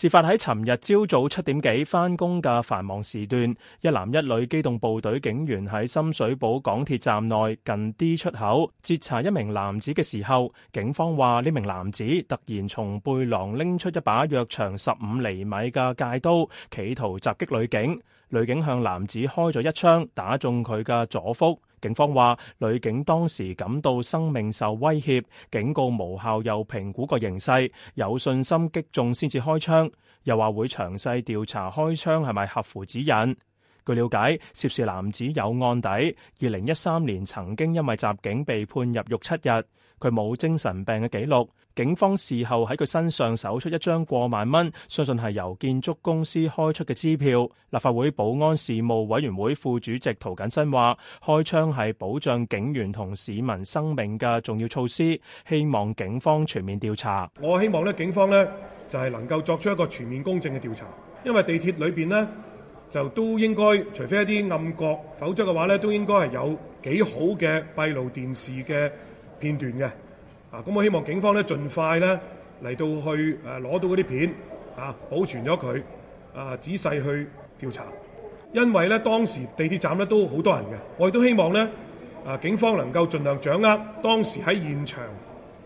事發喺尋日朝早七點幾，返工嘅繁忙時段，一男一女機動部隊警員喺深水埗港鐵站內近 D 出口截查一名男子嘅時候，警方話呢名男子突然從背囊拎出一把約長十五厘米嘅鎅刀，企圖襲擊女警。女警向男子開咗一槍，打中佢嘅左腹。警方話，女警當時感到生命受威脅，警告無效又評估個形勢，有信心擊中先至開槍，又話會詳細調查開槍係咪合乎指引。據了解，涉事男子有案底，二零一三年曾經因為襲警被判入獄七日。佢冇精神病嘅記錄。警方事後喺佢身上搜出一張過萬蚊，相信係由建築公司開出嘅支票。立法會保安事務委員會副主席涂謹申話，開槍係保障警員同市民生命嘅重要措施，希望警方全面調查。我希望咧，警方咧就係、是、能夠作出一個全面公正嘅調查，因為地鐵裏邊咧。就都應該除非一啲暗角，否則嘅話咧，都應該係有幾好嘅閉路電視嘅片段嘅。啊，咁我希望警方咧盡快咧嚟到去誒攞到嗰啲片啊，保存咗佢啊，仔細去調查，因為咧當時地鐵站咧都好多人嘅，我亦都希望咧啊警方能夠盡量掌握當時喺現場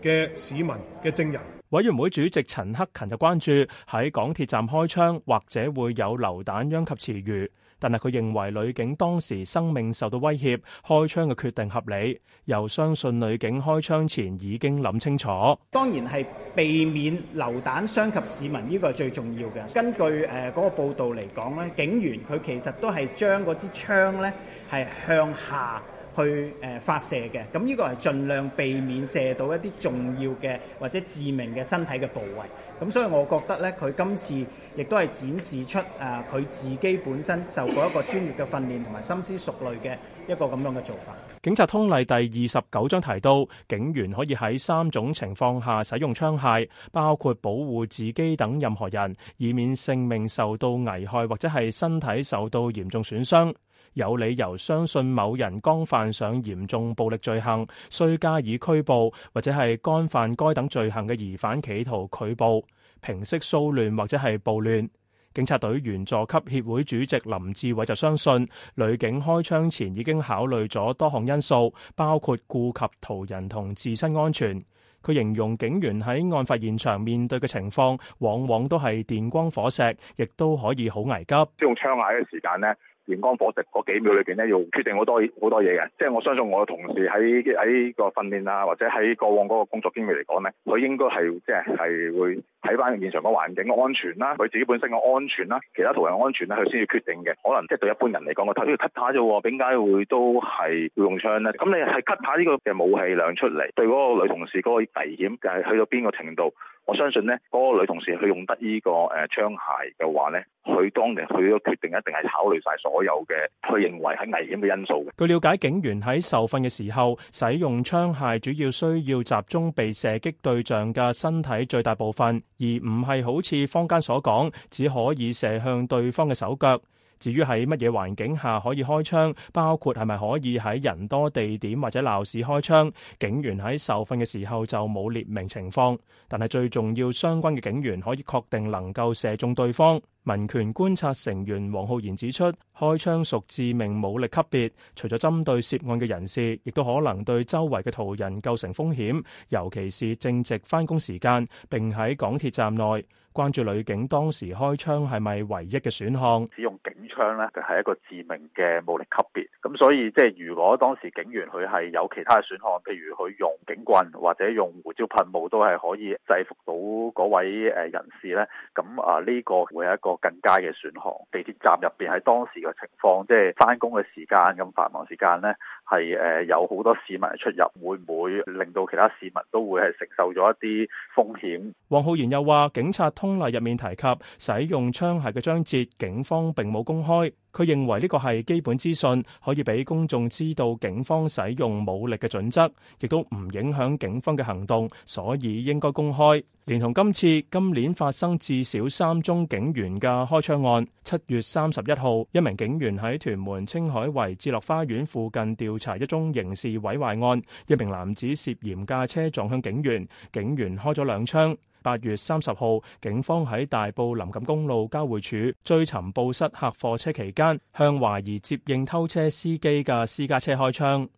嘅市民嘅證人。委員會主席陳克勤就關注喺港鐵站開槍或者會有流彈殃及池魚，但係佢認為女警當時生命受到威脅開槍嘅決定合理，又相信女警開槍前已經諗清楚。當然係避免流彈傷及市民呢個係最重要嘅。根據誒嗰個報導嚟講咧，警員佢其實都係將嗰支槍咧係向下去誒發射嘅，咁、這、呢個係盡量避免射到一啲重要嘅或者致命嘅身體嘅部位。咁所以我覺得呢佢今次亦都係展示出誒佢自己本身受過一個專業嘅訓練同埋深思熟慮嘅一個咁樣嘅做法。警察通例第二十九章提到，警員可以喺三種情況下使用槍械，包括保護自己等任何人，以免性命受到危害或者係身體受到嚴重損傷。有理由相信某人剛犯上嚴重暴力罪行，需加以拘捕，或者係干犯該等罪行嘅疑犯企圖拒捕、平息騷亂或者係暴亂。警察隊員佐級協會主席林志偉就相信，女警開槍前已經考慮咗多項因素，包括顧及途人同自身安全。佢形容警員喺案發現場面對嘅情況，往往都係電光火石，亦都可以好危急。即用槍械嘅時間呢。電光火石嗰幾秒裏邊咧，要決定好多好多嘢嘅。即係我相信我嘅同事喺喺個訓練啊，或者喺過往嗰個工作經驗嚟講咧，佢應該係即係係會睇翻現場個環境嘅安全啦、啊，佢自己本身嘅安全啦、啊，其他途人安全啦、啊，佢先至決定嘅。可能即係對一般人嚟講，個突要鎅下啫喎，點解會都係用槍咧？咁你係鎅下呢個嘅武器攞出嚟，對嗰個女同事嗰個危險係、就是、去到邊個程度？我相信咧，嗰、那個女同事佢用得呢、這個誒、呃、槍械嘅話咧。佢當年佢都決定一定係考慮晒所有嘅、佢認為係危險嘅因素。據了解，警員喺受訓嘅時候，使用槍械主要需要集中被射擊對象嘅身體最大部分，而唔係好似坊間所講，只可以射向對方嘅手腳。至於喺乜嘢環境下可以開槍，包括係咪可以喺人多地點或者鬧市開槍，警員喺受訓嘅時候就冇列明情況。但係最重要相關嘅警員可以確定能夠射中對方。民權觀察成員黃浩然指出，開槍屬致命武力級別，除咗針對涉案嘅人士，亦都可能對周圍嘅途人構成風險，尤其是正值返工時間，並喺港鐵站內。關注女警當時開槍係咪唯一嘅選項？只用警槍呢，佢係一個致命嘅武力級別。咁所以即係如果當時警員佢係有其他嘅選項，譬如佢用警棍或者用胡椒噴霧都係可以制服到嗰位誒人士呢。咁啊呢個會係一個更佳嘅選項。地鐵站入邊喺當時嘅情況，即係翻工嘅時間咁繁忙時間呢，係誒有好多市民出入，會唔會令到其他市民都會係承受咗一啲風險？黃浩然又話警察。通例入面提及使用槍械嘅章節，警方並冇公開。佢認為呢個係基本資訊，可以俾公眾知道警方使用武力嘅準則，亦都唔影響警方嘅行動，所以應該公開。連同今次今年發生至少三宗警員嘅開槍案。七月三十一號，一名警員喺屯門青海圍置樂花園附近調查一宗刑事毀壞案，一名男子涉嫌駕車撞向警員，警員開咗兩槍。八月三十號，警方喺大埔林錦公路交匯處追尋報失客貨車期間，向懷疑接應偷車司機嘅私家車開槍。